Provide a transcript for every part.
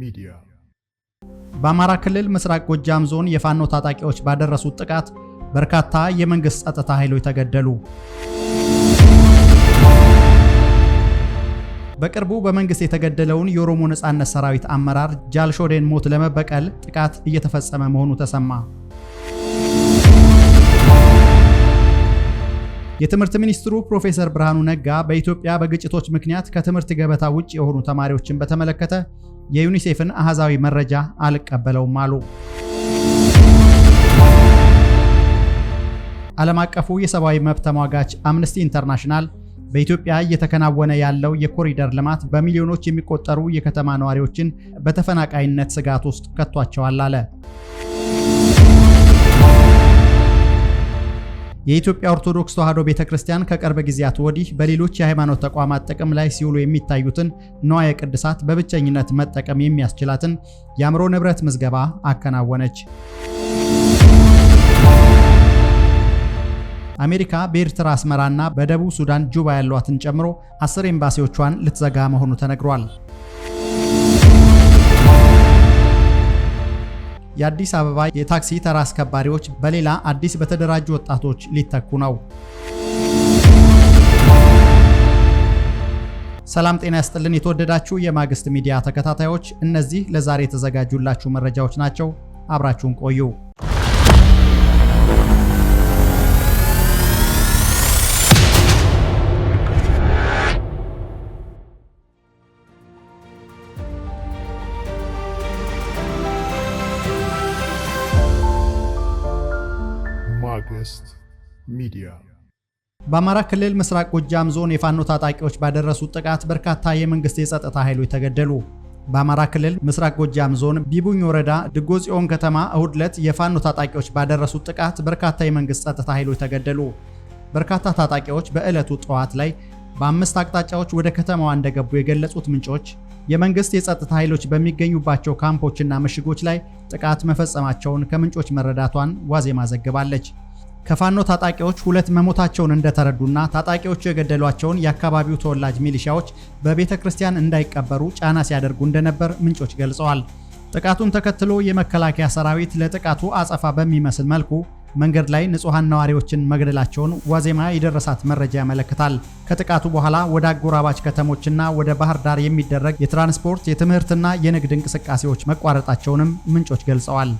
ሚዲያ በአማራ ክልል ምስራቅ ጎጃም ዞን የፋኖ ታጣቂዎች ባደረሱት ጥቃት በርካታ የመንግስት ጸጥታ ኃይሎች ተገደሉ። በቅርቡ በመንግስት የተገደለውን የኦሮሞ ነጻነት ሰራዊት አመራር ጃልሾዴን ሞት ለመበቀል ጥቃት እየተፈጸመ መሆኑ ተሰማ። የትምህርት ሚኒስትሩ ፕሮፌሰር ብርሃኑ ነጋ በኢትዮጵያ በግጭቶች ምክንያት ከትምህርት ገበታ ውጭ የሆኑ ተማሪዎችን በተመለከተ የዩኒሴፍን አሃዛዊ መረጃ አልቀበለውም አሉ። ዓለም አቀፉ የሰብአዊ መብት ተሟጋች አምነስቲ ኢንተርናሽናል በኢትዮጵያ እየተከናወነ ያለው የኮሪደር ልማት በሚሊዮኖች የሚቆጠሩ የከተማ ነዋሪዎችን በተፈናቃይነት ስጋት ውስጥ ከቷቸዋል አለ። የኢትዮጵያ ኦርቶዶክስ ተዋሕዶ ቤተ ክርስቲያን ከቅርብ ጊዜያት ወዲህ በሌሎች የሃይማኖት ተቋማት ጥቅም ላይ ሲውሉ የሚታዩትን ንዋየ ቅድሳት በብቸኝነት መጠቀም የሚያስችላትን የአእምሮ ንብረት ምዝገባ አከናወነች። አሜሪካ በኤርትራ አስመራና በደቡብ ሱዳን ጁባ ያሏትን ጨምሮ አስር ኤምባሲዎቿን ልትዘጋ መሆኑ ተነግሯል። የአዲስ አበባ የታክሲ ተራ አስከባሪዎች በሌላ አዲስ በተደራጁ ወጣቶች ሊተኩ ነው። ሰላም ጤና ያስጥልን። የተወደዳችሁ የማግስት ሚዲያ ተከታታዮች፣ እነዚህ ለዛሬ የተዘጋጁላችሁ መረጃዎች ናቸው። አብራችሁን ቆዩ። ሚዲያ በአማራ ክልል ምስራቅ ጎጃም ዞን የፋኖ ታጣቂዎች ባደረሱት ጥቃት በርካታ የመንግስት የጸጥታ ኃይሎች ተገደሉ። በአማራ ክልል ምስራቅ ጎጃም ዞን ቢቡኝ ወረዳ ድጎ ጽዮን ከተማ እሁድ ዕለት የፋኖ ታጣቂዎች ባደረሱት ጥቃት በርካታ የመንግስት ጸጥታ ኃይሎች ተገደሉ። በርካታ ታጣቂዎች በዕለቱ ጠዋት ላይ በአምስት አቅጣጫዎች ወደ ከተማዋ እንደገቡ የገለጹት ምንጮች የመንግስት የጸጥታ ኃይሎች በሚገኙባቸው ካምፖችና ምሽጎች ላይ ጥቃት መፈጸማቸውን ከምንጮች መረዳቷን ዋዜማ ዘግባለች። ከፋኖ ታጣቂዎች ሁለት መሞታቸውን እንደተረዱና ታጣቂዎቹ የገደሏቸውን የአካባቢው ተወላጅ ሚሊሻዎች በቤተ ክርስቲያን እንዳይቀበሩ ጫና ሲያደርጉ እንደነበር ምንጮች ገልጸዋል። ጥቃቱን ተከትሎ የመከላከያ ሰራዊት ለጥቃቱ አጸፋ በሚመስል መልኩ መንገድ ላይ ንጹሐን ነዋሪዎችን መግደላቸውን ዋዜማ የደረሳት መረጃ ያመለክታል። ከጥቃቱ በኋላ ወደ አጎራባች ከተሞችና ወደ ባህር ዳር የሚደረግ የትራንስፖርት የትምህርትና የንግድ እንቅስቃሴዎች መቋረጣቸውንም ምንጮች ገልጸዋል።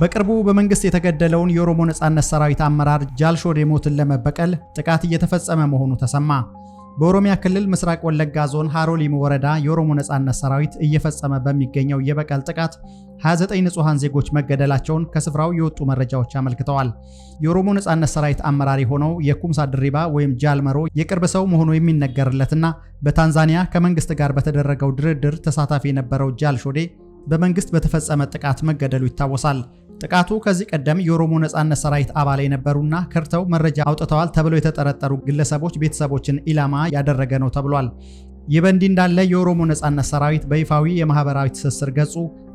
በቅርቡ በመንግስት የተገደለውን የኦሮሞ ነጻነት ሰራዊት አመራር ጃልሾ ዴሞትን ለመበቀል ጥቃት እየተፈጸመ መሆኑ ተሰማ። በኦሮሚያ ክልል ምስራቅ ወለጋ ዞን ሃሮሊሙ ወረዳ የኦሮሞ ነጻነት ሰራዊት እየፈጸመ በሚገኘው የበቀል ጥቃት 29 ንጹሐን ዜጎች መገደላቸውን ከስፍራው የወጡ መረጃዎች አመልክተዋል። የኦሮሞ ነጻነት ሰራዊት አመራር የሆነው የኩምሳ ድሪባ ወይም ጃልመሮ የቅርብ ሰው መሆኑ የሚነገርለትና በታንዛኒያ ከመንግስት ጋር በተደረገው ድርድር ተሳታፊ የነበረው ጃል ሾዴ በመንግስት በተፈጸመ ጥቃት መገደሉ ይታወሳል። ጥቃቱ ከዚህ ቀደም የኦሮሞ ነጻነት ሰራዊት አባል የነበሩና ከርተው መረጃ አውጥተዋል ተብለው የተጠረጠሩ ግለሰቦች ቤተሰቦችን ኢላማ ያደረገ ነው ተብሏል። ይህ በእንዲህ እንዳለ የኦሮሞ ነጻነት ሰራዊት በይፋዊ የማህበራዊ ትስስር ገጹ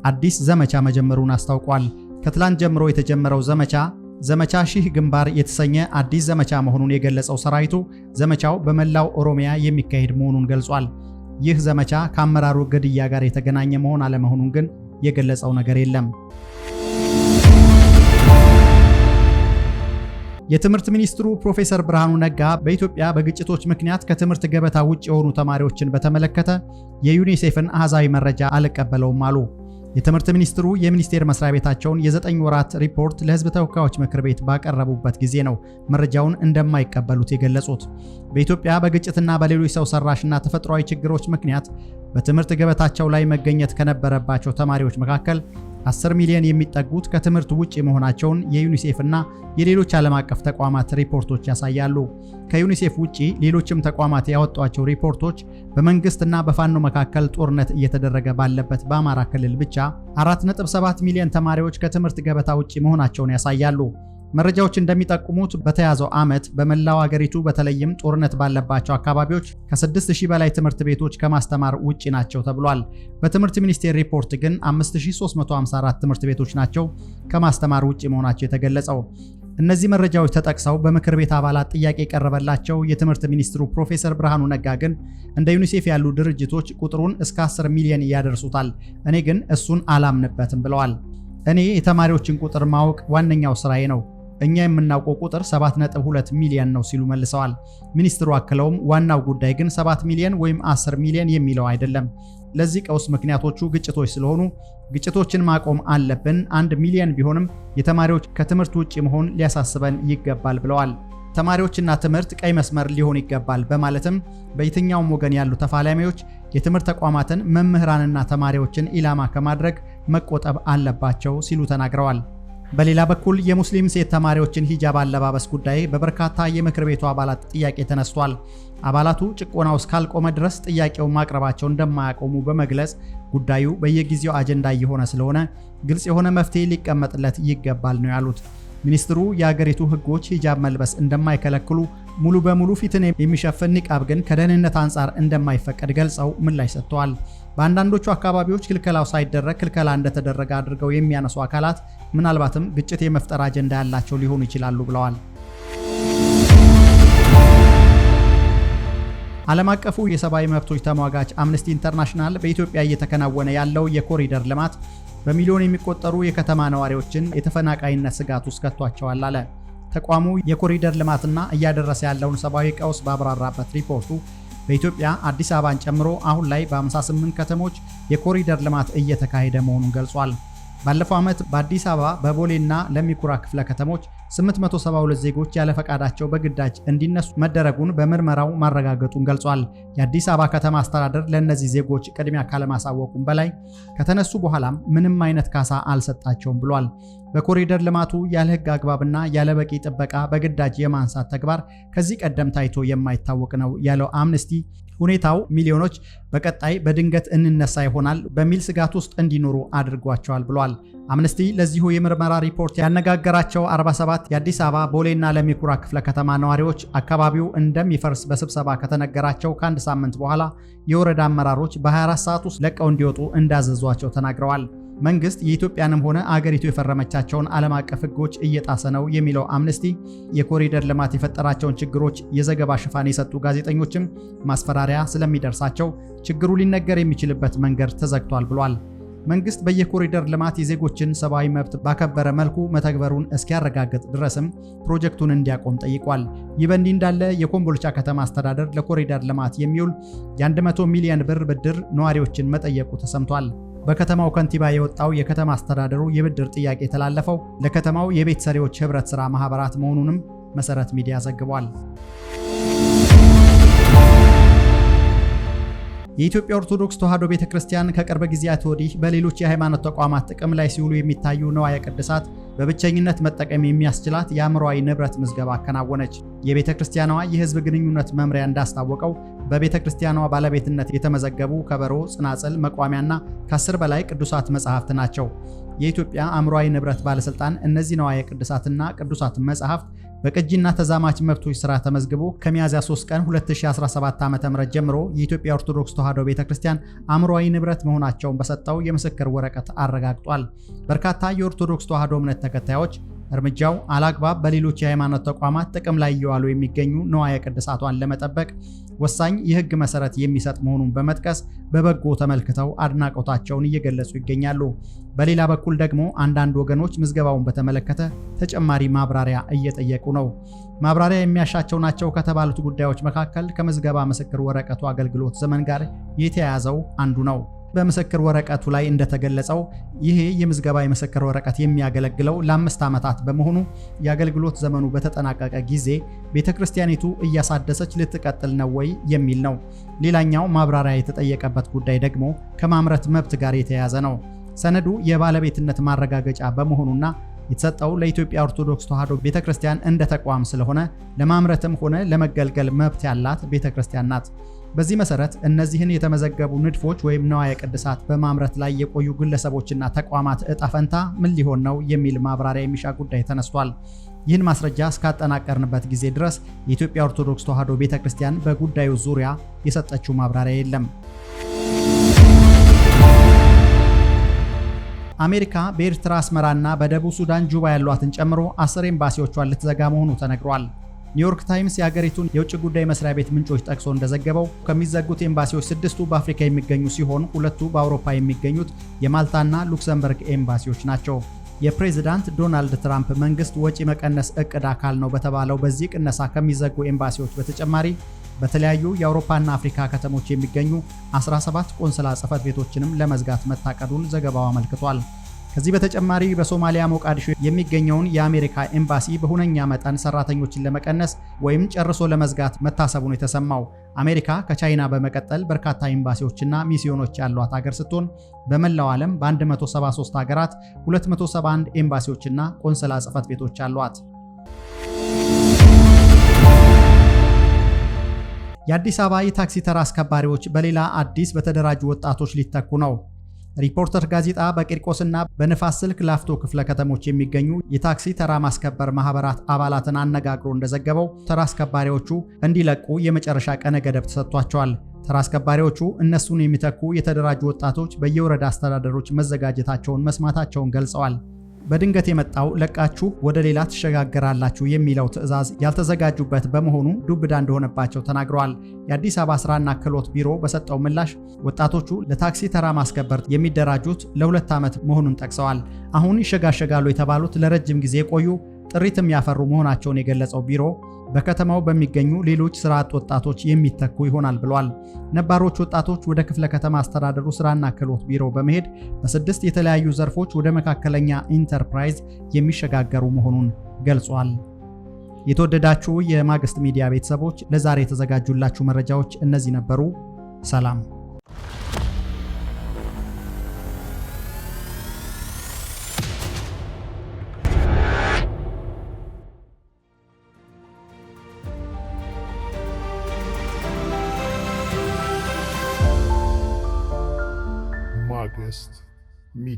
አዲስ ዘመቻ መጀመሩን አስታውቋል። ከትላንት ጀምሮ የተጀመረው ዘመቻ ዘመቻ ሺህ ግንባር የተሰኘ አዲስ ዘመቻ መሆኑን የገለጸው ሰራዊቱ ዘመቻው በመላው ኦሮሚያ የሚካሄድ መሆኑን ገልጿል። ይህ ዘመቻ ከአመራሩ ግድያ ጋር የተገናኘ መሆን አለመሆኑን ግን የገለጸው ነገር የለም። የትምህርት ሚኒስትሩ ፕሮፌሰር ብርሃኑ ነጋ በኢትዮጵያ በግጭቶች ምክንያት ከትምህርት ገበታ ውጭ የሆኑ ተማሪዎችን በተመለከተ የዩኒሴፍን አሃዛዊ መረጃ አልቀበለውም አሉ። የትምህርት ሚኒስትሩ የሚኒስቴር መስሪያ ቤታቸውን የዘጠኝ ወራት ሪፖርት ለሕዝብ ተወካዮች ምክር ቤት ባቀረቡበት ጊዜ ነው መረጃውን እንደማይቀበሉት የገለጹት። በኢትዮጵያ በግጭትና በሌሎች ሰው ሰራሽና ተፈጥሯዊ ችግሮች ምክንያት በትምህርት ገበታቸው ላይ መገኘት ከነበረባቸው ተማሪዎች መካከል 10 ሚሊዮን የሚጠጉት ከትምህርት ውጭ መሆናቸውን የዩኒሴፍና የሌሎች ዓለም አቀፍ ተቋማት ሪፖርቶች ያሳያሉ። ከዩኒሴፍ ውጭ ሌሎችም ተቋማት ያወጧቸው ሪፖርቶች በመንግስትና በፋኖ መካከል ጦርነት እየተደረገ ባለበት በአማራ ክልል ብቻ 4.7 ሚሊዮን ተማሪዎች ከትምህርት ገበታ ውጭ መሆናቸውን ያሳያሉ። መረጃዎች እንደሚጠቁሙት በተያዘው ዓመት በመላው አገሪቱ በተለይም ጦርነት ባለባቸው አካባቢዎች ከ6000 በላይ ትምህርት ቤቶች ከማስተማር ውጪ ናቸው ተብሏል። በትምህርት ሚኒስቴር ሪፖርት ግን 5354 ትምህርት ቤቶች ናቸው ከማስተማር ውጪ መሆናቸው የተገለጸው። እነዚህ መረጃዎች ተጠቅሰው በምክር ቤት አባላት ጥያቄ የቀረበላቸው የትምህርት ሚኒስትሩ ፕሮፌሰር ብርሃኑ ነጋ ግን እንደ ዩኒሴፍ ያሉ ድርጅቶች ቁጥሩን እስከ 10 ሚሊዮን ያደርሱታል፣ እኔ ግን እሱን አላምንበትም ብለዋል። እኔ የተማሪዎችን ቁጥር ማወቅ ዋነኛው ስራዬ ነው እኛ የምናውቀው ቁጥር 7.2 ሚሊዮን ነው ሲሉ መልሰዋል። ሚኒስትሩ አክለውም ዋናው ጉዳይ ግን 7 ሚሊዮን ወይም 10 ሚሊዮን የሚለው አይደለም። ለዚህ ቀውስ ምክንያቶቹ ግጭቶች ስለሆኑ ግጭቶችን ማቆም አለብን። አንድ ሚሊዮን ቢሆንም የተማሪዎች ከትምህርት ውጭ መሆን ሊያሳስበን ይገባል ብለዋል። ተማሪዎችና ትምህርት ቀይ መስመር ሊሆን ይገባል በማለትም በየትኛውም ወገን ያሉ ተፋላሚዎች የትምህርት ተቋማትን መምህራንና ተማሪዎችን ኢላማ ከማድረግ መቆጠብ አለባቸው ሲሉ ተናግረዋል። በሌላ በኩል የሙስሊም ሴት ተማሪዎችን ሂጃብ አለባበስ ጉዳይ በበርካታ የምክር ቤቱ አባላት ጥያቄ ተነስቷል። አባላቱ ጭቆናው እስካልቆመ ድረስ ጥያቄውን ማቅረባቸው እንደማያቆሙ በመግለጽ ጉዳዩ በየጊዜው አጀንዳ እየሆነ ስለሆነ ግልጽ የሆነ መፍትሄ ሊቀመጥለት ይገባል ነው ያሉት። ሚኒስትሩ የአገሪቱ ሕጎች ሂጃብ መልበስ እንደማይከለክሉ ሙሉ በሙሉ ፊትን የሚሸፍን ኒቃብ ግን ከደህንነት አንጻር እንደማይፈቀድ ገልጸው ምላሽ ሰጥተዋል። በአንዳንዶቹ አካባቢዎች ክልከላው ሳይደረግ ክልከላ እንደተደረገ አድርገው የሚያነሱ አካላት ምናልባትም ግጭት የመፍጠር አጀንዳ ያላቸው ሊሆኑ ይችላሉ ብለዋል። ዓለም አቀፉ የሰብአዊ መብቶች ተሟጋች አምነስቲ ኢንተርናሽናል በኢትዮጵያ እየተከናወነ ያለው የኮሪደር ልማት በሚሊዮን የሚቆጠሩ የከተማ ነዋሪዎችን የተፈናቃይነት ስጋት ውስጥ ከቷቸዋል አለ። ተቋሙ የኮሪደር ልማትና እያደረሰ ያለውን ሰብአዊ ቀውስ ባብራራበት ሪፖርቱ በኢትዮጵያ አዲስ አበባን ጨምሮ አሁን ላይ በ58 ከተሞች የኮሪደር ልማት እየተካሄደ መሆኑን ገልጿል። ባለፈው ዓመት በአዲስ አበባ በቦሌና ለሚኩራ ክፍለ ከተሞች 872 ዜጎች ያለፈቃዳቸው በግዳጅ እንዲነሱ መደረጉን በምርመራው ማረጋገጡን ገልጿል። የአዲስ አበባ ከተማ አስተዳደር ለእነዚህ ዜጎች ቅድሚያ ካለማሳወቁም በላይ ከተነሱ በኋላም ምንም አይነት ካሳ አልሰጣቸውም ብሏል። በኮሪደር ልማቱ ያለ ሕግ አግባብና ያለ በቂ ጥበቃ በግዳጅ የማንሳት ተግባር ከዚህ ቀደም ታይቶ የማይታወቅ ነው ያለው አምነስቲ ሁኔታው ሚሊዮኖች በቀጣይ በድንገት እንነሳ ይሆናል በሚል ስጋት ውስጥ እንዲኖሩ አድርጓቸዋል ብሏል። አምነስቲ ለዚሁ የምርመራ ሪፖርት ያነጋገራቸው 47 የአዲስ አበባ ቦሌና ለሚኩራ ክፍለ ከተማ ነዋሪዎች አካባቢው እንደሚፈርስ በስብሰባ ከተነገራቸው ከአንድ ሳምንት በኋላ የወረዳ አመራሮች በ24 ሰዓት ውስጥ ለቀው እንዲወጡ እንዳዘዟቸው ተናግረዋል። መንግስት የኢትዮጵያንም ሆነ አገሪቱ የፈረመቻቸውን ዓለም አቀፍ ህጎች እየጣሰ ነው የሚለው አምነስቲ የኮሪደር ልማት የፈጠራቸውን ችግሮች የዘገባ ሽፋን የሰጡ ጋዜጠኞችም ማስፈራሪያ ስለሚደርሳቸው ችግሩ ሊነገር የሚችልበት መንገድ ተዘግቷል ብሏል። መንግስት በየኮሪደር ልማት የዜጎችን ሰብአዊ መብት ባከበረ መልኩ መተግበሩን እስኪያረጋግጥ ድረስም ፕሮጀክቱን እንዲያቆም ጠይቋል። ይህ በእንዲህ እንዳለ የኮምቦልቻ ከተማ አስተዳደር ለኮሪደር ልማት የሚውል የ100 ሚሊዮን ብር ብድር ነዋሪዎችን መጠየቁ ተሰምቷል። በከተማው ከንቲባ የወጣው የከተማ አስተዳደሩ የብድር ጥያቄ የተላለፈው ለከተማው የቤት ሰሪዎች ህብረት ሥራ ማኅበራት መሆኑንም መሠረት ሚዲያ ዘግቧል። የኢትዮጵያ ኦርቶዶክስ ተዋሕዶ ቤተ ክርስቲያን ከቅርብ ጊዜያት ወዲህ በሌሎች የሃይማኖት ተቋማት ጥቅም ላይ ሲውሉ የሚታዩ ንዋየ ቅድሳት በብቸኝነት መጠቀም የሚያስችላት የአእምሯዊ ንብረት ምዝገባ አከናወነች። የቤተ ክርስቲያኗ ግንኙነት መምሪያ እንዳስታወቀው በቤተ ክርስቲያኗ ባለቤትነት የተመዘገቡ ከበሮ፣ ጽናጽል፣ መቋሚያና ከአስር በላይ ቅዱሳት መጽሐፍት ናቸው። የኢትዮጵያ አእምሯዊ ንብረት ባለሥልጣን እነዚህ ንዋየ ቅድሳትና ቅዱሳት መጽሐፍት በቅጂና ተዛማች መብቶች ስራ ተመዝግቦ ከሚያዝያ 3 ቀን 2017 ዓ.ም ጀምሮ የኢትዮጵያ ኦርቶዶክስ ተዋሕዶ ቤተ ክርስቲያን አእምሯዊ ንብረት መሆናቸውን በሰጠው የምስክር ወረቀት አረጋግጧል። በርካታ የኦርቶዶክስ ተዋሕዶ እምነት ተከታዮች እርምጃው አላግባብ በሌሎች የሃይማኖት ተቋማት ጥቅም ላይ እየዋሉ የሚገኙ ንዋየ ቅድሳቷን ለመጠበቅ ወሳኝ የህግ መሰረት የሚሰጥ መሆኑን በመጥቀስ በበጎ ተመልክተው አድናቆታቸውን እየገለጹ ይገኛሉ። በሌላ በኩል ደግሞ አንዳንድ ወገኖች ምዝገባውን በተመለከተ ተጨማሪ ማብራሪያ እየጠየቁ ነው። ማብራሪያ የሚያሻቸው ናቸው ከተባሉት ጉዳዮች መካከል ከምዝገባ ምስክር ወረቀቱ አገልግሎት ዘመን ጋር የተያያዘው አንዱ ነው። በምስክር ወረቀቱ ላይ እንደተገለጸው ይሄ የምዝገባ የምስክር ወረቀት የሚያገለግለው ለአምስት ዓመታት በመሆኑ የአገልግሎት ዘመኑ በተጠናቀቀ ጊዜ ቤተ ክርስቲያኒቱ እያሳደሰች ልትቀጥል ነው ወይ የሚል ነው። ሌላኛው ማብራሪያ የተጠየቀበት ጉዳይ ደግሞ ከማምረት መብት ጋር የተያያዘ ነው። ሰነዱ የባለቤትነት ማረጋገጫ በመሆኑና የተሰጠው ለኢትዮጵያ ኦርቶዶክስ ተዋሕዶ ቤተክርስቲያን እንደ ተቋም ስለሆነ ለማምረትም ሆነ ለመገልገል መብት ያላት ቤተክርስቲያን ናት። በዚህ መሰረት እነዚህን የተመዘገቡ ንድፎች ወይም ነዋየ ቅድሳት በማምረት ላይ የቆዩ ግለሰቦችና ተቋማት እጣ ፈንታ ምን ሊሆን ነው የሚል ማብራሪያ የሚሻ ጉዳይ ተነስቷል። ይህን ማስረጃ እስካጠናቀርንበት ጊዜ ድረስ የኢትዮጵያ ኦርቶዶክስ ተዋሕዶ ቤተ ክርስቲያን በጉዳዩ ዙሪያ የሰጠችው ማብራሪያ የለም። አሜሪካ በኤርትራ አስመራና በደቡብ ሱዳን ጁባ ያሏትን ጨምሮ አስር ኤምባሲዎቿን ልትዘጋ መሆኑ ተነግሯል። ኒውዮርክ ታይምስ የሀገሪቱን የውጭ ጉዳይ መስሪያ ቤት ምንጮች ጠቅሶ እንደዘገበው ከሚዘጉት ኤምባሲዎች ስድስቱ በአፍሪካ የሚገኙ ሲሆን ሁለቱ በአውሮፓ የሚገኙት የማልታና ሉክሰምበርግ ኤምባሲዎች ናቸው። የፕሬዝዳንት ዶናልድ ትራምፕ መንግስት ወጪ መቀነስ እቅድ አካል ነው በተባለው በዚህ ቅነሳ ከሚዘጉ ኤምባሲዎች በተጨማሪ በተለያዩ የአውሮፓና አፍሪካ ከተሞች የሚገኙ 17 ቆንስላ ጽሕፈት ቤቶችንም ለመዝጋት መታቀዱን ዘገባው አመልክቷል። ከዚህ በተጨማሪ በሶማሊያ ሞቃዲሾ የሚገኘውን የአሜሪካ ኤምባሲ በሁነኛ መጠን ሰራተኞችን ለመቀነስ ወይም ጨርሶ ለመዝጋት መታሰቡን የተሰማው አሜሪካ ከቻይና በመቀጠል በርካታ ኤምባሲዎችና ሚስዮኖች ያሏት ሀገር ስትሆን በመላው ዓለም በ173 ሀገራት 271 ኤምባሲዎችና ቆንስላ ጽህፈት ቤቶች አሏት። የአዲስ አበባ የታክሲ ተራ አስከባሪዎች በሌላ አዲስ በተደራጁ ወጣቶች ሊተኩ ነው። ሪፖርተር ጋዜጣ በቂርቆስና በንፋስ ስልክ ላፍቶ ክፍለ ከተሞች የሚገኙ የታክሲ ተራ ማስከበር ማህበራት አባላትን አነጋግሮ እንደዘገበው ተራ አስከባሪዎቹ እንዲለቁ የመጨረሻ ቀነ ገደብ ተሰጥቷቸዋል። ተራ አስከባሪዎቹ እነሱን የሚተኩ የተደራጁ ወጣቶች በየወረዳ አስተዳደሮች መዘጋጀታቸውን መስማታቸውን ገልጸዋል። በድንገት የመጣው ለቃችሁ ወደ ሌላ ትሸጋገራላችሁ የሚለው ትዕዛዝ ያልተዘጋጁበት በመሆኑ ዱብዳ እንደሆነባቸው ተናግረዋል። የአዲስ አበባ ስራና ክህሎት ቢሮ በሰጠው ምላሽ ወጣቶቹ ለታክሲ ተራ ማስከበር የሚደራጁት ለሁለት ዓመት መሆኑን ጠቅሰዋል። አሁን ይሸጋሸጋሉ የተባሉት ለረጅም ጊዜ የቆዩ ጥሪትም ያፈሩ መሆናቸውን የገለጸው ቢሮ በከተማው በሚገኙ ሌሎች ስራ አጥ ወጣቶች የሚተኩ ይሆናል ብሏል። ነባሮች ወጣቶች ወደ ክፍለ ከተማ አስተዳደሩ ስራና ክህሎት ቢሮ በመሄድ በስድስት የተለያዩ ዘርፎች ወደ መካከለኛ ኢንተርፕራይዝ የሚሸጋገሩ መሆኑን ገልጿል። የተወደዳችሁ የማግስት ሚዲያ ቤተሰቦች ለዛሬ የተዘጋጁላችሁ መረጃዎች እነዚህ ነበሩ። ሰላም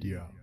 media